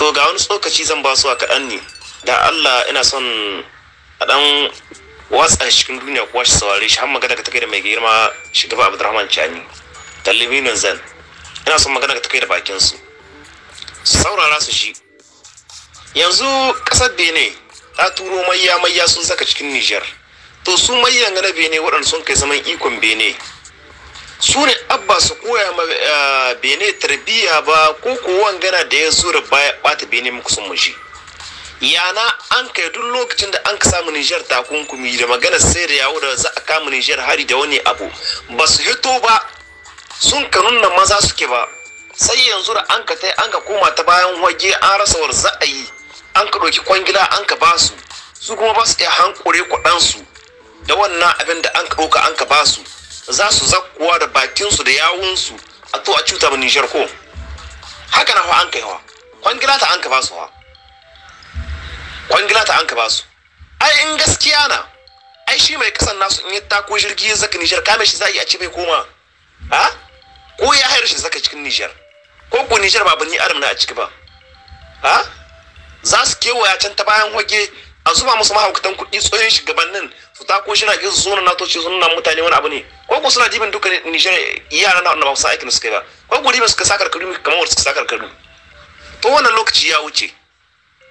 to ga wani tsokaci zan ba su a kaɗan ne da allah ina son a ɗan watsa cikin duniya kuwa shi saurare shi har magana ka kai da mai girma shi shugaba abdurrahman cani talibinin zan ina son magana ka kai da bakinsu. saurara su shi yanzu ƙasar bene ta turo mayya mayya sun saka cikin niger to su mayyan na benin waɗanda sun kai zaman ikon bene. su ne abba su koya ma eh, bene tarbiyya ba ko ko gana da ya da baya bata bene muku sun mushi yana an kai duk lokacin da an ka samu Nijar takunkumi da magana sai da yawo da za a kama Nijar hari da wani abu ba su hito ba sun ka nuna maza suke ba sai yanzu da an ka tai an ka koma ta bayan wage an rasa war za a yi an ka ɗauki kwangila an ka basu su kuma ba su iya hankure kwaɗansu da wannan abin da an ka ɗauka an ka basu za su zakuwa da bakinsu da yawunsu a to a cuta mai nishar ko haka na an kai hawa kwangila ta an ka basu hawa kwangila ta an ka basu ai in gaskiya na ai shi mai kasan nasu in yi tako jirgi ya zaka Nijar kame shi za a yi a ce mai koma ha ko ya hayar shi zaka cikin Nijar ko ko Nijar ba bani aram na a ciki ba ha za su kewaya can ta bayan hoge a zuba musu mahaukatan kuɗi tsohon shugabannin su ta ko shina gizo zuwa na toce zuwa mutane wani abu ne ko ku suna dibin duka nijar yaran na ba su aikin suka yi ba ko ku dibin suka sa karkaru kamar wanda suka sa karkaru to wannan lokaci ya wuce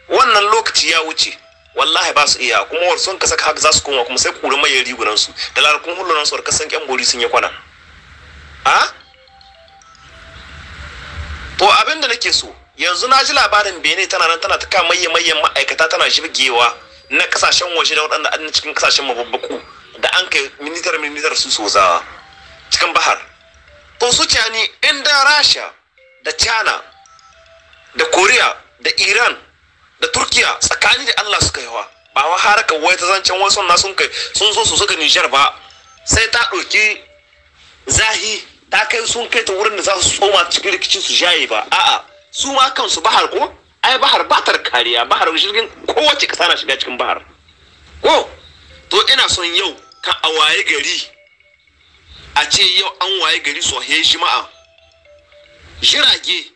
wannan lokaci ya wuce wallahi ba su iya kuma war sun kasa haka za su koma kuma sai kurin mai rigunan su da larkun hulunan su warkasan kyan bori sun yi kwana a ah? to abinda nake so yanzu na ji labarin benin tana nan tana ta maye mayyan ma'aikata tana shirgewa na kasashen waje da waɗanda an cikin kasashen mababbaku da an kai minitar minitar su sozawa cikin bahar to su ni inda rasha da china da korea da iran da turkiya tsakani da allah suka yawa ba wa haraka wai ta zancen wasu na sun kai sun so su suka nijar ba sai ta ɗauki zahi ta kai sun kai ta wurin da za su tsoma cikin rikicin su jaye ba a'a su ma kansu bahar ko ai bahar ba ta kariya bahar jirgin kowace kasa na shiga cikin bahar ko to ina son yau kan a waye gari a ce yau an waye gari su ma'a jirage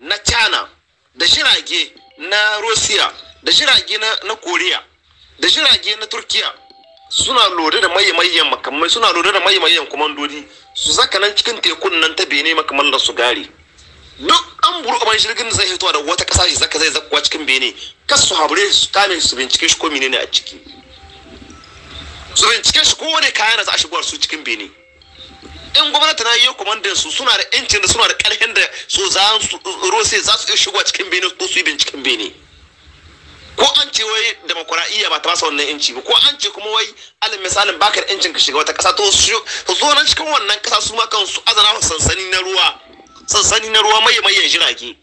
na china da jirage na russia da jirage na korea da jirage na turkiya suna lura da mayamayyan makamai suna lura da mayamayyan kumandodi su zaka nan cikin tekun nan ta bene makamallar su gari duk an buru ban shirgin zai fito da wata kasa shi zaka zai zakuwa cikin bene kas su habure su kame su bincike shi ko menene a ciki su bincike shi ko wani kaya na za a shigowar su cikin bene in gwamnati na yi kwamandan su suna da yancin da suna da ƙarfin da su za su rose za su shigowa cikin bene ko su yi binciken bene ko an ce wai demokuraɗiyya ba ta basa wannan yanci ba ko an ce kuma wai alin misalin baka da yancin ka shiga wata ƙasa to su zo nan cikin wannan kasa su ma kansu azana sansani na ruwa sansani na ruwa mai mai jirage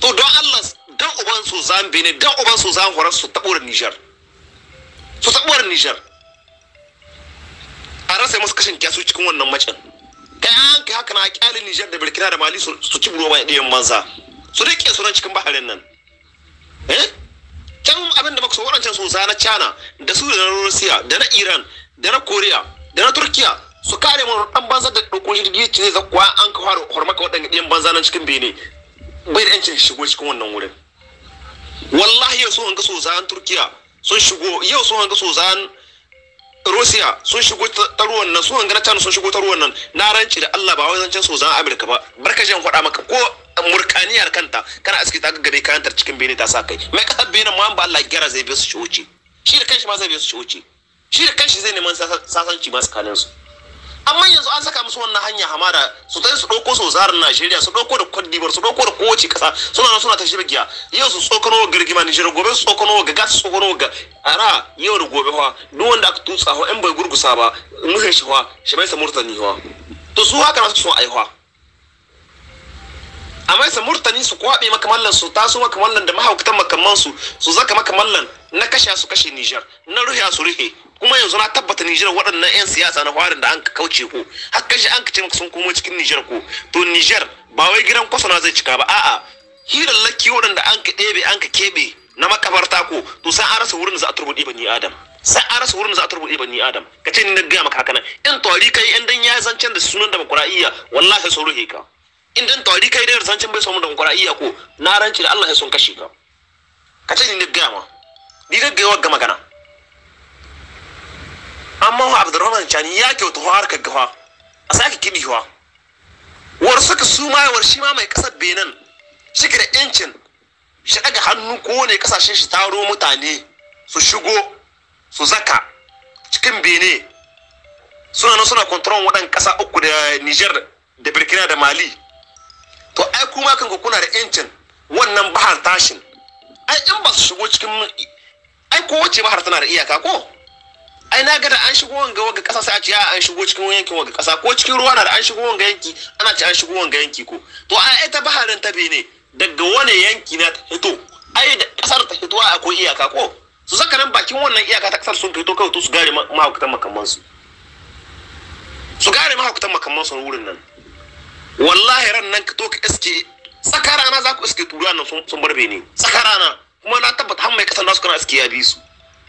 to don Allah dan uban su zan bene dan uban su zan horar su tabuwar Niger su tabuwar Niger a rasa musu kashin kyasu cikin wannan macin kai an kai haka na kyalin Niger da Burkina da Mali su ci ruwa mai ɗayan banza su rike su nan cikin baharin nan eh can abin da muka so waɗancan su na China da su da na Russia da na Iran da na Korea da na Turkiya su kare mu dan banza da dokon jirgi ce zai zakuwa an ka fara hormaka wadanda yan banza nan cikin bene bai da yancin shigo cikin wannan wurin wallahi yau sun hanga sozan turkiya sun shigo yau sun hanga sozan Rusiya sun shigo ta ruwan nan sun hanga can sun shigo ta ruwan nan na ranci da Allah ba wai zancen sozan Amurka ba barka jan faɗa maka ko murkaniyar kanta kana aski ta ga gare kayan cikin bene ta sa kai mai kasar bene ma ba Allah gyara zai bi su shi wuce shi da kanshi ma zai bi su shi wuce shi da kanshi zai neman sasanci ma tsakaninsu amma yanzu an saka musu wannan hanya hamada su tai su ɗauko su zarin najeriya su ɗauko da kwadibar su ɗauko da kowace kasa suna suna ta shirgiya yau su tsokano ga girgima nijar gobe su tsokano ga gas tsokano ga ara yau da gobe fa duk wanda aka tutsa fa in bai gurgusa ba nuhin shi fa shi bai sa murtani fa to su haka na su son aihuwa amma sa murtani su kwaɓe makamallan su taso makamallan da mahaukatan makamansu su zaka makamallan na kashe su kashe Nijar na ruhe su ruhe kuma yanzu na tabbata Nijar waɗannan 'yan siyasa na farin da an ka kauce ko har kashi an kace sun kuma cikin Nijar ko to Nijar ba wai gidan kwaso na zai cika ba a'a lakki waɗanda an ka ɗebe an ka keɓe na makabarta ko to sai an rasa wurin da za a turbuɗe bani Adam sai an rasa wurin da za a turbuɗe bani Adam ka ce ni na gaya maka haka nan in tori kai in dan ya zancen da sunan demokuraɗiyya wallahi sai sauro ka in dan tori kai da zancen bai samu demokuraɗiyya ko na ranci da Allah sai sun kashe ka ka ce ni na gaya ma ni na gaya wa magana amma wa abdurrahman cani ya kyautu har harkar gawa a sake kiɗi wa war suka su war shi ma mai kasar benin shi da incin shi daga hannu ko ne kasashen shi taro mutane su shigo su zaka cikin benin suna nan suna kontrol wadan kasa uku da niger da burkina da mali to ai kuma kan kuna da incin wannan bahar tashin ai in ba su shigo cikin ai wace bahar tana da iyaka ko ai na gada an shigo wanga wanga kasa sai a ce an shigo cikin yankin wanga kasa ko cikin ruwa na da an shigo wanga yanki ana ce an shigo wanga yanki ko to ai ta baharin ta ne daga wani yanki na ta hito ai da kasar ta hito akwai iyaka ko su saka nan bakin wannan iyaka ta kasar sun fito kawai to su gare mahaukatan makamman su su gare mahaukatan makamman su wurin nan wallahi ran nan ka to ka iske tsaka rana za ku iske turuwa nan sun barbe ne tsaka rana kuma na tabbata har mai kasan na su kana iske ya bi su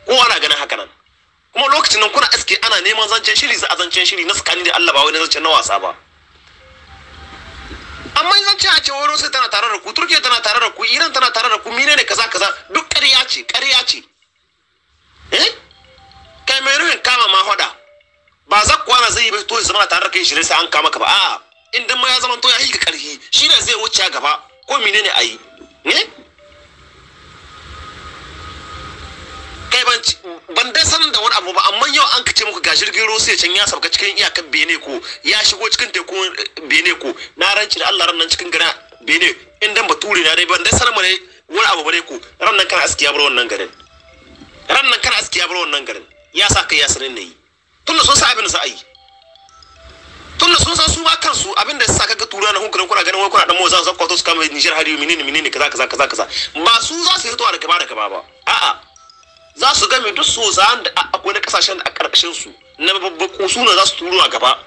ko ana ganin haka nan kuma lokacin nan kuna aske ana neman zancen shiri za a zancen shiri na tsakanin da Allah ba wai na zancen na wasa ba amma in zancen a ce wani Russia tana tare da ku Turkiya tana tare da ku Iran tana tare da ku mine ne kaza kaza duk ƙarya ce ƙarya ce eh kama ma hoda ba za ku zai yi to zama tare da kai shirin sai an kama ka ba a'a in dan ma ya zama to ya yi karhi shi ne zai wuce gaba ko mine ne a yi ne eh? kai ban ban dai san ga jirgin ruwa sai can ya sauka cikin iyakar bene ko ya shigo cikin teku eh, bene ko na ranci da Allah ranan cikin gara bene in dan bature na dai ban dai salma ne wani abu bare ko ranan kana aski ya bar wannan garin ranan kana aski ya bar wannan garin ya sa kai ya sanin ne da sun sa abin da za tun da sun san su ba kansu abin da sa kaga tura na hunkurin kuna ganin wai kuna dan mozan zakwato su kama Niger har menene menene kaza kaza kaza kaza ba su za su yi fitowa da gaba da gaba ba a'a za su game duk so za da akwai na kasashen a karkashin su na babbaku su za su turo a gaba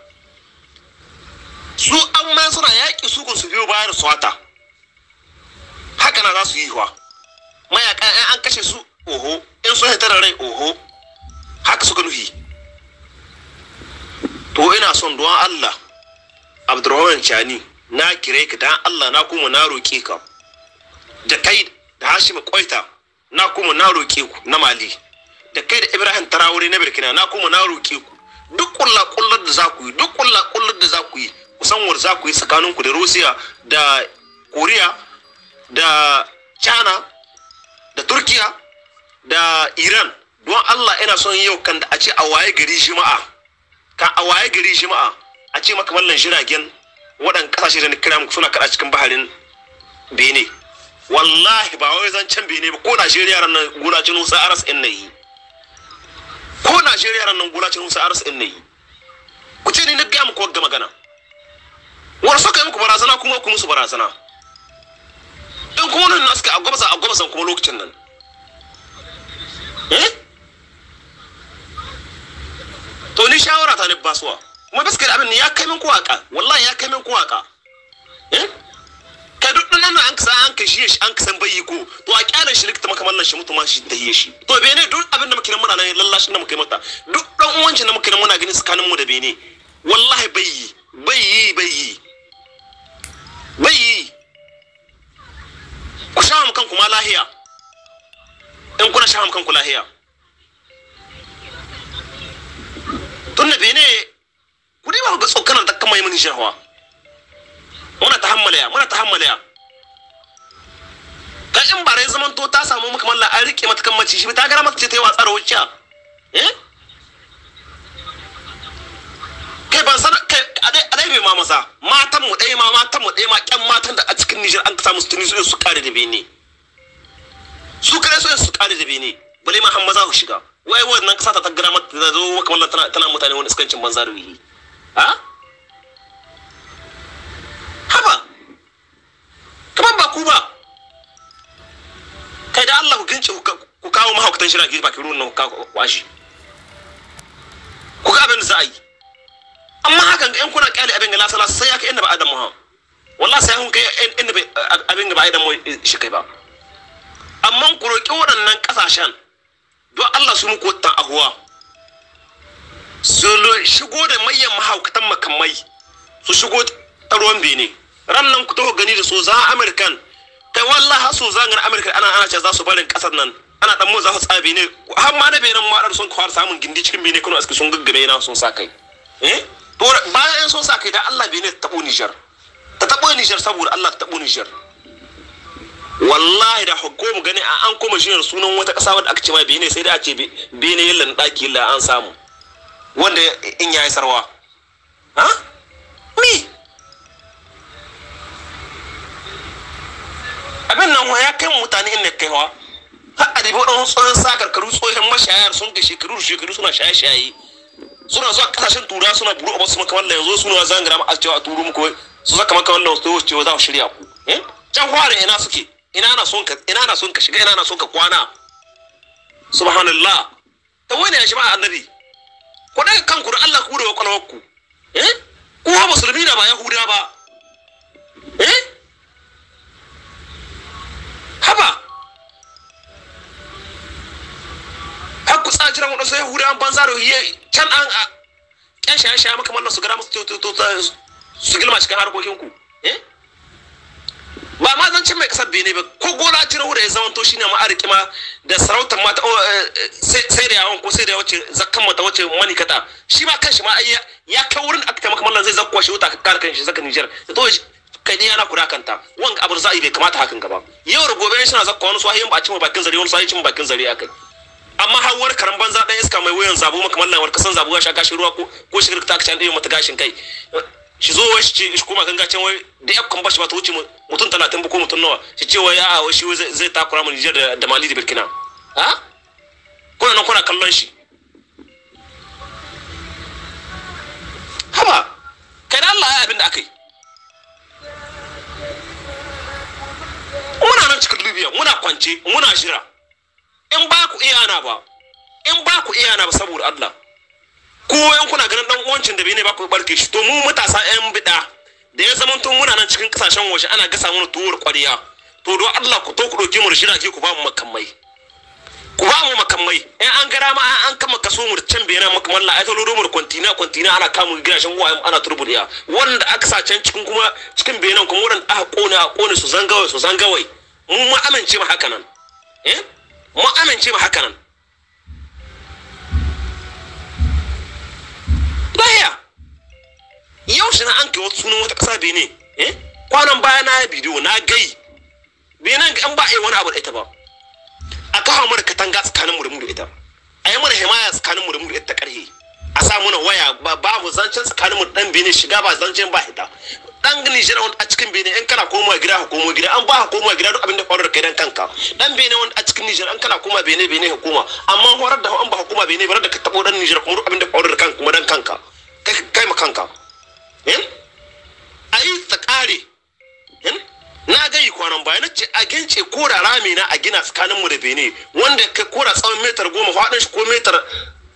su an ma suna yaƙi su su biyo bayan su wata haka na za su yi huwa. mayaka in an kashe su oho in sun hitar rai oho haka suka nufi to ina son don Allah Abdurrahman Chani na kire ka dan Allah na kuma na roƙe ka da kai da Hashim Kwaita na kuma na roƙe ku na mali da kai da ibrahim tarawore na burkina na kuma na roƙe ku duk kulla kullar da za ku yi duk kulla kullar da za ku yi kusan war za ku yi tsakanin ku da russia da korea da china da turkiya da iran don allah ina son yau kan da a ce a waye gari jima'a kan a waye gari jima'a a ce maka mallan jiragen waɗanda ƙasashe da na kira muku suna kaɗa cikin baharin benin wallahi ba wai can bene ba ko najeriya ran nan gulacin musa aras in nayi ko najeriya ran nan gulacin musa aras in nayi ku ce ni na gaya muku ga magana wani suka yi muku barazana kuma ku musu barazana dan kuma nan nasu ka a agwabasan kuma lokacin nan eh? to ni shawara ta ne basuwa kuma gaskiya abin ya kai min kuwaka wallahi ya kai min kuwaka eh nan an kasa an kashi shi an kasan bayi ko to a kyalan shi likita maka mallan shi mutuma shi da shi to bene duk abin da muke nan muna nan lallashin da muke mata duk dan uwancin da muke nan muna ganin tsakanin mu da bene wallahi bayi bayi bayi bayi ku sha mu kanku ma lahiya in kuna sha mu kanku lahiya tunda bene ku dai ba ga tsokanar da kamar mun hawa muna tahammala ya muna tahammala ya dan in rai zaman to ta samu muka mallan an rike mata kan mace shi ta gara mata ce ta yi watsa eh kai ban san kai a dai bai ma masa matan mu dai ma matan mu dai ma kyan matan da a cikin Niger an samu su tuni su kare da bene su kare su su kare da bene bale ma hamma za ku shiga wai wannan kasa ta taggara mata da zo muka mallan tana tana mutane wani iskancin banza da wihi ha haba kamar ba ba kai da Allah ku gince ku kawo mahaukatan shi rage bakin ruwan nan ku kawo kwashi ku ga abin da za a yi amma hakan ga yan kuna kyale abin ga lasala sai ya kai inda ba adam muhammad wallahi sai hun kai inda abin ga ba adam shi kai ba amma ku roki waɗannan ƙasashen don Allah su muku wata ahuwa su shigo da mayan mahaukatan makamai su shigo ta ruwan bene ran nan ku taho gani da so za Amerikan kai wallahi hasu zangar amurka ana ana ce za su barin kasar nan ana dan za su tsabe ne har ma da benin ma sun kwar samun gindi cikin bene kuna aski sun gaggame yana sun sa kai eh to bayan sun sa kai da Allah bene ta tabo Niger ta tabo Niger saboda Allah ta tabo Niger wallahi da hukumu gani a an kuma shi sunan wata kasa wadda aka ce mai bene sai da a ce bene yallan daki la an samu wanda in yayi sarwa ha me abin nan ya kai mutane inda kai wa har a dibi wadansu tsohon sa tsohon mashayar sun ga shekaru shekaru suna shaye-shaye suna zuwa kasashen tura suna buru a wasu makamar da yanzu suna zangara ma a cewa a turu muku su saka makamar da wasu cewa za ku shirya ku eh? can fara ina suke ina na son ka ina na son ka shiga ina na son ka kwana subhanallah ta wani ya shi ba annabi ku daga kanku da Allah ku da kwakwalwar ku eh ku ha musulmi na ba yahuda ba eh sa jiran waɗansu an banza da hiye can an ƴan shaye-shaye maka wannan su gara musu su gilma cikin harkokin ku eh? ba ma zancen mai kasar bene ba ko gona jirahu da ya zamanto shi ne ma'ariki ma da sarautar mata eh, eh, sai da yawon ko sai da wace zakkan mata wace manikata shi ma kanshi ma ya kai wurin aka taimaka mallan zai zakkuwa shi wuta kare kanshi zaka Nijar to kai ne yana kuda kanta wanga abin za'i bai kamata hakan gaba yau da gobe shi na zakkuwa wani sahihin ba a cin bakin zare wani sahihin cin bakin zare akai amma hawar karan banza dan iska mai wayan zabo maka mallan war kasan zabo ya sha shi ruwa ko ko shi ta kace an dai mata gashin kai shi zo wai shi shi kuma ganga gacen wai da yakkan bashi ba ta wuce mutum 30 ba ko mutun nawa shi ce wai a'a wai shi zai takura mu Niger da Mali da Burkina ha kuna nan kuna kallon shi haba kai da Allah ya abin da akai muna nan cikin Libya muna kwance muna jira in ba ku iyana ba in ba ku iyana ba saboda Allah ku yan kuna ganin dan uwancin da bai ne ba ku barke shi to mu matasa yan bida da ya zama tun muna nan cikin kasashen waje ana gasa mana tuwar kwariya to don Allah ku to ku dauke mu rishira ke ku ba mu makamai ku ba mu makamai in an gara ma an kama kaso mu can bai na makamai Allah ai lodo mu kwantina kwantina ana kama gashin wayan ana turbuliya wanda aka sa can cikin kuma cikin nan kuma wanda aka kona a su zangawai su zangawai mu ma amince mu haka nan eh mu amince ba haka nan baya yau shi na an kai wata sunan wata ƙasa bene eh? kwanan baya na ya bidiyo na gai bene an ba a yi wani abu da ita ba a kawo mana katanga tsakanin da ita a yi mana himaya tsakanin da ita ta ƙarhe a sa na waya babu zancen tsakanin mu dan bini shiga ba zancen ba hita dan Nijar wanda a cikin bini in kana komawa gida hukuma komo gida an ba hukuma gida duk abin da faru da kai dan kanka dan bini wanda a cikin Nijar an kana koma bini bini hukuma koma amma horar da an ba hukuma koma Benin da ka tabo dan Nijar kuma duk abin da faru da kanka kuma dan kanka kai kai ma kanka eh ayi ta kare eh na gayi kwanan baya na ce a gince kora rami na a gina tsakanin mu da bini wanda kai kora tsawon metar goma faɗin shi ko metar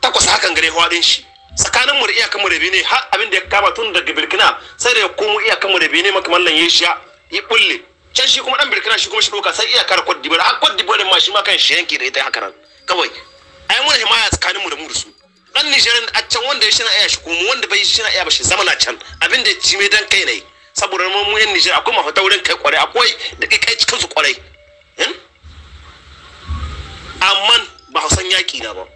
takwas hakan gare faɗin shi tsakanin mu da iyakan mu da Benin har abin da ya kama tun daga Burkina sai da ya komo iyakan mu da Benin mallan ya sha ya bulle can shi kuma dan Burkina shi kuma shi doka sai iyakar Cote d'Ivoire har Cote d'Ivoire ma shi ma kan shi yanki da ita haka nan kawai ai mun himaya tsakanin mu da mu da su dan Nigerian a can wanda ya shina iya shi komo wanda bai shina iya ba shi zama na can abin da ci mai dan kai ne saboda mu yan Niger akwai mafita wurin kai kwarai akwai da kai cikin su kwarai hmm? amma ba hausan yaki na ba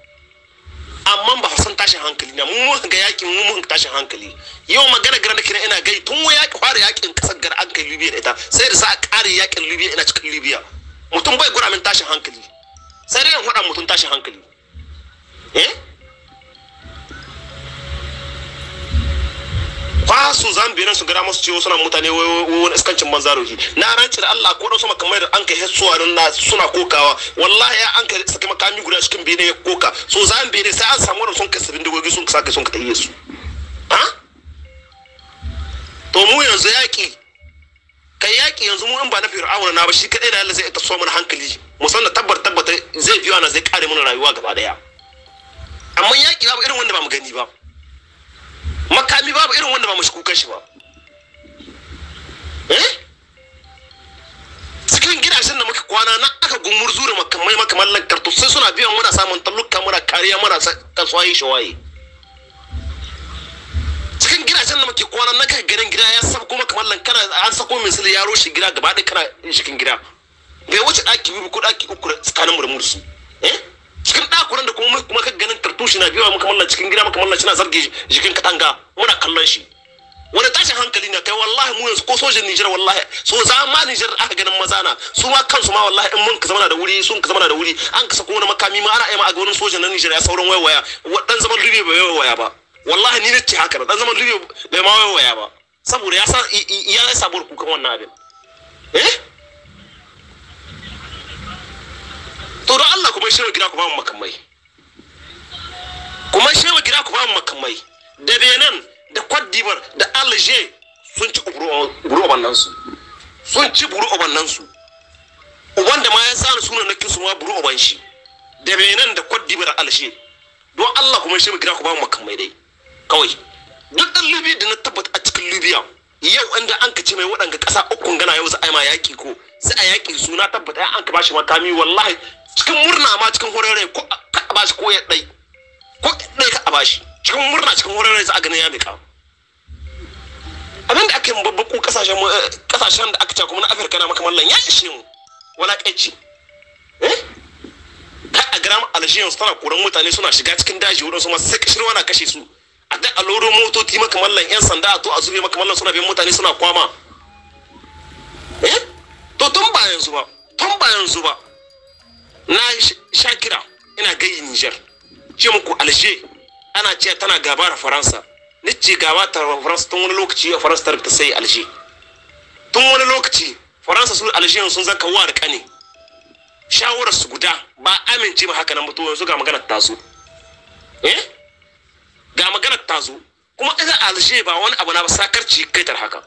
amma ba san tashin hankali na mun ga yakin mun mun tashin hankali yau magana gara da kina ina gai tun wa yaki fara yakin kasar gar an kai libiya ita sai da sa a kare yakin libiya ina cikin libiya mutum bai gura min tashin hankali sai dai in faɗa mutum tashin hankali eh ba su zambi nan su gara musu ciwo suna mutane wani iskancin banza rohi na ranci da Allah ko sama kamar da an kai hetsuwa na suna kokawa wallahi ya an kai saki makami guda cikin bene ya koka so zambi ne sai an samu wani sun kai sabin dogogi sun saka sun kai su ha to mu yanzu yaƙi kai yaƙi yanzu mu in ba na fir'auna na ba shi kadai da Allah zai so mana hankali mu san da tabbar tabbata zai biyo na zai kare mana rayuwa gaba daya amma yaƙi babu irin wanda ba mu gani ba makami babu irin wanda ba mu kukan shi ba eh? cikin gidajen da muka kwana na aka gumur da makamai makamallan kartu sai suna biyan muna samun talluka muna kariya muna kasuwayi shawayi cikin gidajen da muke kwana na kai ganin gida ya ko makamai kana an sako min sili ya shi gida gaba da kana cikin gida bai wuce daki biyu ko daki uku tsakanin murmursu da eh cikin ɗakunan da kuma kuma kan ganin tartushi na biyawa muka mallan cikin gida muka mallan shi na zarge jikin katanga muna kallon shi wani tashin hankali na kai wallahi mu yanzu ko sojin Niger wallahi so zama Niger aka ganin maza na su ma kansu ma wallahi in mun ka zama da wuri sun ka zama da wuri an ka sako wani makami ma ana aima a gurin sojin na Niger ya sauran waiwaya wadan zaman Libya bai waiwaya ba wallahi ni nace haka dan zaman Libya bai ma waiwaya ba saboda ya sa ya sabuwar kukan wannan abin eh to don Allah kuma shewa gida ku ba mu makamai kuma shewa gida ku ba mu makamai da Benin da Cote d'Ivoire da Alger sun ci buru obannan su sun ci buru obannan su uban da ma ya sa sunan na kisu ma buru oban shi da Benin da Cote d'Ivoire da Alger don Allah kuma shewa gida ku ba mu makamai dai kawai duk dan Libya da na tabbata a cikin Libya yau inda an ka ce mai waɗanga ƙasa ukun gana yau za a yi ma yaƙi ko sai a yaƙi na tabbata an ka bashi makami wallahi cikin murna ma cikin horarai ko a bashi ko ya dai ko dai ka ba shi cikin murna cikin horarai za a ganin ya mika. abin da aka yi babbaku kasashen kasashen eh, da aka ce kuma na afirka na makamallan ya ishe mu wala kaici eh kai a gram aljiyan tana koran mutane suna shiga cikin daji wurin su ma sai kashirwa na kashe su a da aloro motoci makamallan yan sanda a to a zube makamallan suna bin mutane suna kwama eh to tun ba yanzu ba tun ba yanzu ba na shakira ina gayi Niger ce muku Alje, ana cewa tana gaba da faransa ni ce gaba ta faransa tun wani lokaci a faransa ta sai Alje. tun wani lokaci faransa sun Alje sun zan kawo da kane shawarar su guda ba amince ma haka nan mutu yanzu ga maganar tazo eh ga maganar tazo kuma ina Alje ba wani abu na ba sakarci kai tar haka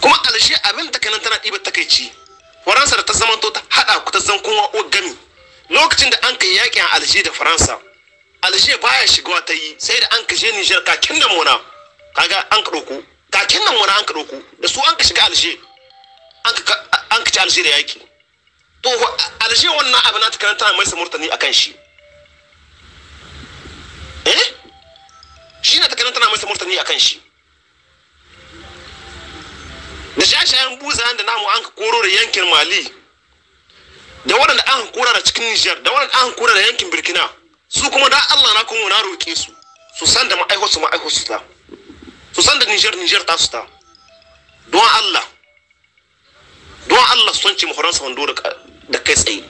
kuma Alje abin takanan tana ɗiba takaici faransa da ta zamanto ta haɗa ku ta zan kowa o gami lokacin da an kai yakin alje da faransa alje baya shiga ta yi sai da an kashe nijar kakin nan muna kaga an ka ɗauko kakin nan muna an ka ku da su an ka shiga alje an ka ci alje da yaki to alje wannan abin na ta karanta mai samurtani murtani kan shi eh shi na ta karanta mai su murtani akan shi shayen buzayen da namu an koro da yankin mali da waɗanda an kora da cikin nijar da waɗanda an kora da yankin burkina su kuma da allah na kuma na roƙe su su san da ma'aikosu ma'aikosu ta su san da nijar nijar ta su ta don allah don allah su sanci sa wando da kai tsaye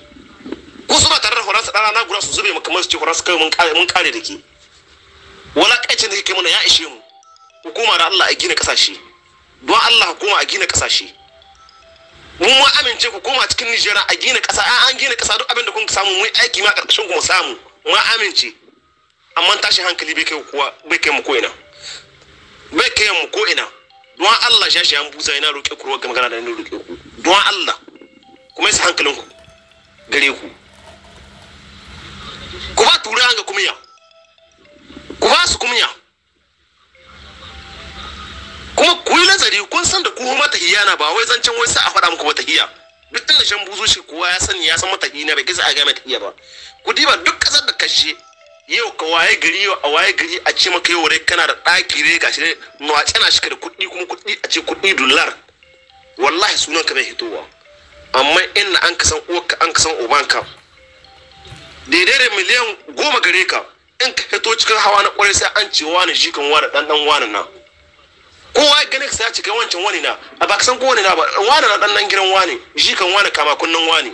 ko suna tare da horansa da na guda su zube maka su ce horansa kai mun kare da ke wala kaicin da kai mana ya ishe mu hukuma da allah a gina ƙasashe don Allah kuma a gina kasashe mun ma amince ku koma cikin Nijera a gina kasa a an gina kasa duk abin da kun samu mu aiki ma karkashin ku mu samu mun amince amma tashi hankali bai kai kuwa bai kai mu ko ina bai kai mu ko ina don Allah shashi an buza ina roƙe ku ruwa magana da ni roƙe ku don Allah kuma yasa hankalin ku gare ku ku ba turai kuma kumiya ku ba su kumiya kuma ku yi nazari kun san da kuma mata hiyana ba wai zancen wai sai a faɗa muku mata hiya duk tun da shan buzu shi kowa ya sani ya san mata hiyana bai kisa a ga mata hiya ba ku diba duk kasar da kashe yau ka waye gari yau a waye gari a ce maka yau rai kana da ɗaki rai gashi rai nuwace tsana shi da kuɗi kuma kuɗi a ce kuɗi dollar wallahi sunan ka bai hitowa amma inna an ka san uwarka an ka san ubanka daidai da miliyan goma gare ka in ka hito cikin hawa na kwarai sai an ce wani shi kan wani ɗanɗan wani na. kowa gane ganin ya cika wancan wani na a baka san kowane na ba wani na dan nan gidan wani shi kan wani kama kunnan wani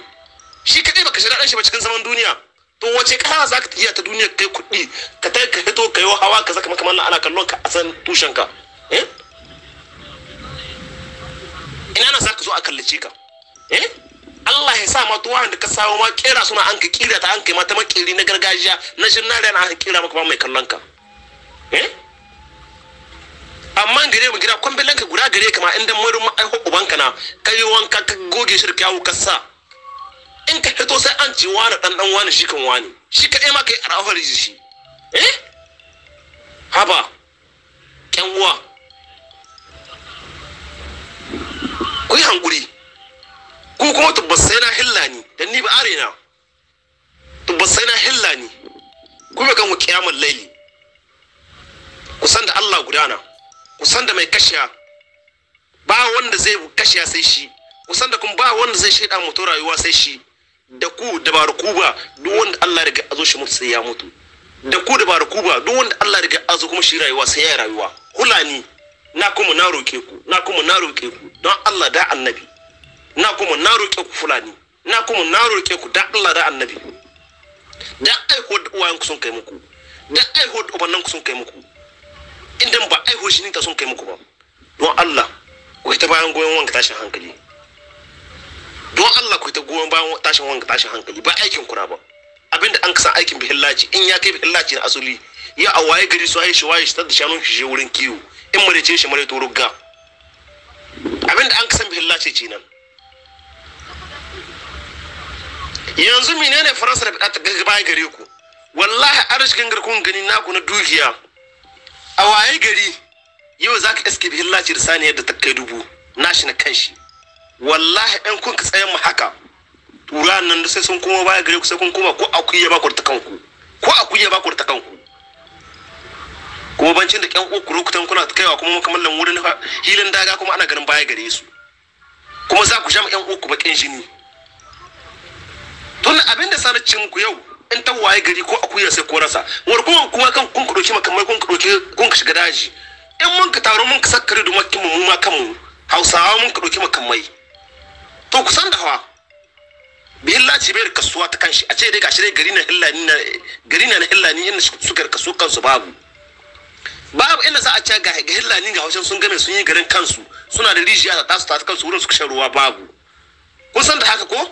shi kadai baka shiga dan shi ba cikin zaman duniya to wace kasa za ka tafiya ta duniya kai kuɗi ka ta ka fito ka yi hawa ka zaka kamar ana kallon ka a san tushen ka eh ina na zaka zo a kallace ka eh Allah ya sa ma to da ka sawo ma kera suna an ka kira ta an kai ma ta makeri na gargajiya na shinnare na an kira maka ma mai kallon ka eh amma gare mu gida kwambilan guda gare kama inda murin ma'aikon ubanka na kai wanka ka goge shi da kyawu ka sa in ka fito sai an ci wani dan dan wani shi kan wani shi kaɗai ma kai arafar shi eh haba yan uwa ku yi hankuri ku kuma tubbasai na hilla ni dan ni ba are na tubbasai na hilla ni kuma kan ku kiyamul laili ku san da Allah gudana kusan da mai kashiya ba wanda zai kashiya sai shi kusan da kuma ba wanda zai shaida mutu rayuwa sai shi da ku da ba ba duk wanda Allah riga azo shi mutu sai ya mutu da ku da ba ba duk wanda Allah riga azo kuma shi rayuwa sai ya rayuwa hulani na kuma na roke ku na kuma na roke ku don Allah da annabi na kuma na roke ku fulani na kuma na roke ku da Allah da annabi da aiko da uwayen ku sun kai muku da aiko da ubannan ku sun kai muku inda ba a yi ne ta sun kai muku ba don Allah ku ta bayan goyon wanka tashin hankali don Allah ku ta goyon bayan tashin wanka tashin hankali ba aikin kura ba abinda an kasa aikin bihillaci in ya kai bihillaci na asali ya a waye gari su shi waye shi tada shanun shi wurin kiwo in mare ce shi mare to rugga abinda an kasan bihillaci ce nan yanzu menene faransa da ta gaba gare ku wallahi arzikin garkun gani naku na dukiya a waye gari yau za ka iske bihin da saniyar da ta kai dubu nashi na kanshi wallahi ɗan kun ka tsayan mu haka tura nan da sai sun kuma baya gare ku sai kun kuma ko akuya ba ku ta kanku ko akuya ba ku ta kanku kuma bancin da ƴan uku rukutan kuna ta kaiwa kuma makamallan wurin hilin daga kuma ana ganin baya gare su kuma za ku sha ma ƴan uku baƙin jini tun abin da sanar cin ku yau in dan waye gari ko akuya sai ko rasa wargon kuma kan kun kudoki makamai kun kudoki kun shiga daji in mun ka taro mun ka sakkare da makin mu ma kanmu hausawa mun ka doki makamai to ku san da hawa bihilla bayar bai kasuwa ta kanshi a ce dai gashi dai gari na hillani na gari na hillani inda suka kasu kansu babu babu inda za a ce ga hillani ga hausa sun game sun yi garin kansu suna da rijiya ta tasu ta kansu wurin suka shan ruwa babu kun san da haka ko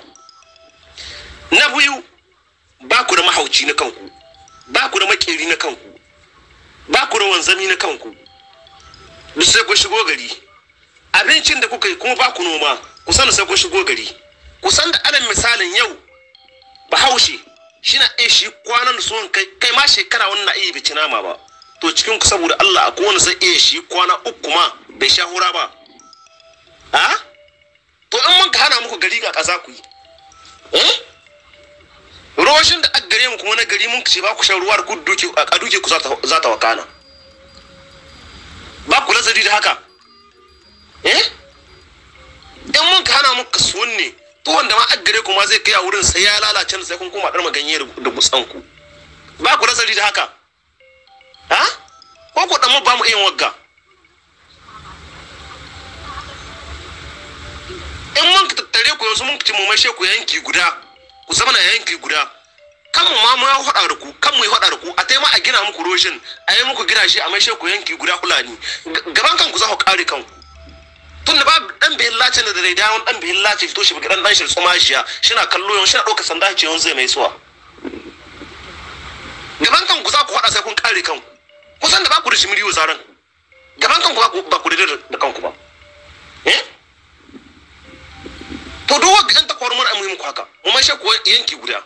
na biyu ba ku da mahauci na kanku ba ku da makeri na kanku ba ku da wanzami na kanku duk sai ku shigo gari abincin da kuka yi kuma ba ku noma ku san sai ku shigo gari ku san da alal misalin yau bahaushe shi na iya shi kwanan son kai kai ma shekara wannan na iya bici nama ba to cikin ku saboda Allah a kowane sai iya shi kwana uku ma bai sha hura ba ha ah? to in mun ka hana muku gari ga kaza ku yi eh ruwashin da aka gare mu kuma na gari mun ce ba ku shan ruwa a duke ku za ta wakana ba ku lazari da haka eh dan mun hana mu kasuwan ne to wanda ma aka gare ku ma zai kai a wurin sai ya lalace sai kun koma ɗarma ganye da busan ku ba ku lazari da haka ha ko ku mu ba mu iya wagga in mun tattare ku yanzu mun ci mu mai ku yanki guda ku na yanki guda kan mu ma mu haɗa da ku kan mu yi haɗa da ku a taima a gina muku roshin a yi muku gidaje a maishe ku yanki guda kulani gaban kanku za ku kare kanku tun da ba dan bihin lace da dai dawon dan bihin lace fito shi bi dan dan shi tsoma jiya shina kallo yon shina ɗauka sanda ce yon zai mai suwa gaban kanku za ku haɗa sai kun kare kanku kusan da ba ku da shimiri zaran gaban kanku ba ku da kanku ba eh to duk wanda ɗan takwaro mun amuyin muku haka mu mai shakuwa yanki guda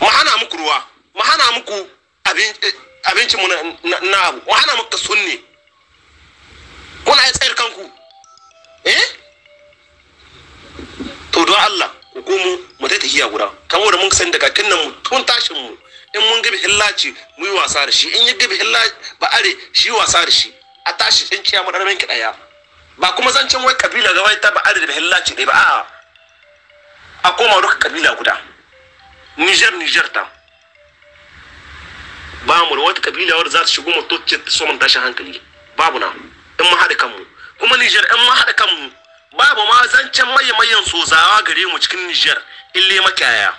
mu hana muku ruwa mu hana muku abinci mu na abu mu hana muku sunne kuna ya tsayar kanku eh to don Allah ku komo mu ta tafiya guda kan wanda mun san daga kinnan mu tun tashin mu in mun gabi hillaci mu yi wasa da shi in yi gabi hillaci ba are shi wasa da shi a tashi ciya mu ɗarmin ki ɗaya ba kuma zancen wai kabila gaba ta ba da bahilla ce ba a a koma duka kabila guda niger niger ta ba mu da wata kabila wadda za ta shigo mu to ce so mun tashin hankali babu na in ma haɗa kanmu kuma niger in ma haɗa kanmu babu ma zancen maye-mayen sozawa gare mu cikin niger ille makiyaya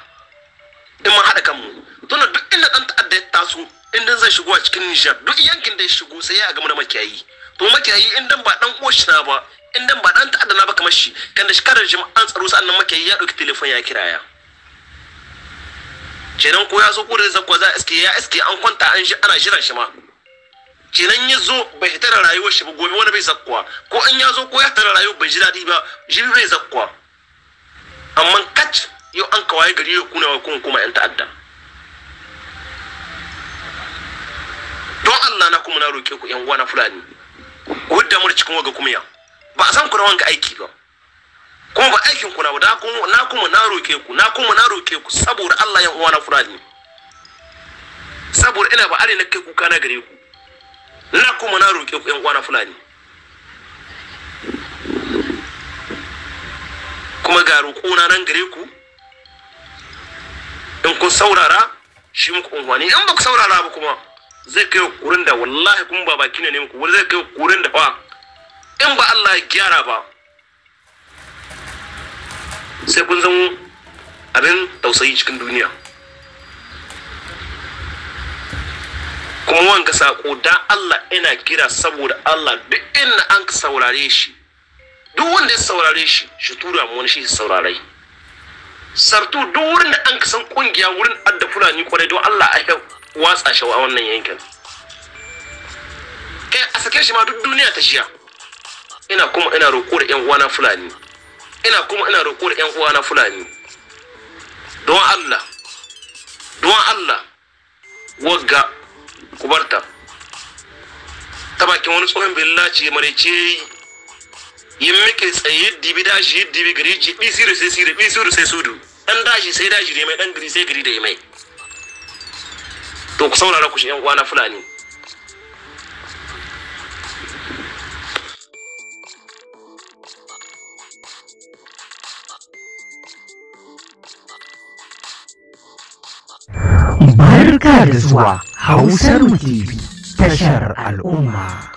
in ma haɗa kanmu tuna duk inda ɗan ta'adda ya taso in zai shigo a cikin niger duk yankin da ya shigo sai ya gama da makiyayi to makiyayi in dan ba dan uwashi na ba in dan ba dan ta'adda na ba kamar shi kan da shekarar jama'an tsaro sannan makiyayi ya dauki telefon ya kiraya kenan ko ya zo ko da zakwa za iske ya iske an kwanta an shi ana jiran shi ma kenan ya zo bai hita da rayuwar shi ba gobe wani bai zakwa ko in ya zo ko ya tara rayuwar bai ji daɗi ba jibi bai zakwa amma kat yau an kawai gari ya kuna wa kuma kuma yan ta'adda don Allah na kuma na roke ku yan uwa na fulani wadda mu cikin waga kuma ba a san ku na wanga aiki ba kuma ba aikin ku na ba na kuma na roke ku na kuma na roke ku saboda Allah ya uwa na fulani saboda ina ba are na kai kuka na gare ku na kuma na roke ku yan uwa na fulani kuma ga roko na nan gare ku in kun saurara shi muku unhwani in ba ku saurara ba kuma zai kai kurin da wallahi kuma ba baki ne muku wani zai kai kurin da ba in ba Allah ya gyara ba sai kun zan abin tausayi cikin duniya kuma ka sako da Allah ina kira saboda Allah duk inda an ka saurare shi duk wanda ya saurare shi shi tura mu wani shi saurare sartu duk wurin da an ka san kungiya wurin adda fulani kwarai don Allah a yau watsa shi a wannan yankin kai a sake shi ma duk duniya ta shiya ina kuma ina roƙo da yan uwana fulani ina kuma ina roƙo da yan uwana fulani don Allah don Allah wagga kubarta ta bakin wani tsohon billaci ce yi muke tsaye dibi dashi dibi gari bi bisiru sai siri bisiru sai sudu dan dashi sai dashi ne mai dan gari sai gari da mai to ku saurara ku shi yan kwana fulani Barka da zuwa Hausar TV tashar al'umma.